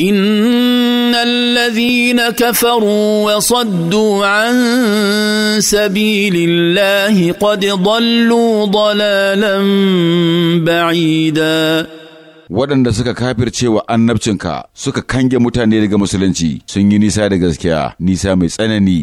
ان الذين كفروا وصدوا عن سبيل الله قد ضلوا ضلالا بعيدا waɗanda suka kafirce wa annabcinka suka kange mutane daga musulunci sun yi nisa da gaskiya nisa mai tsanani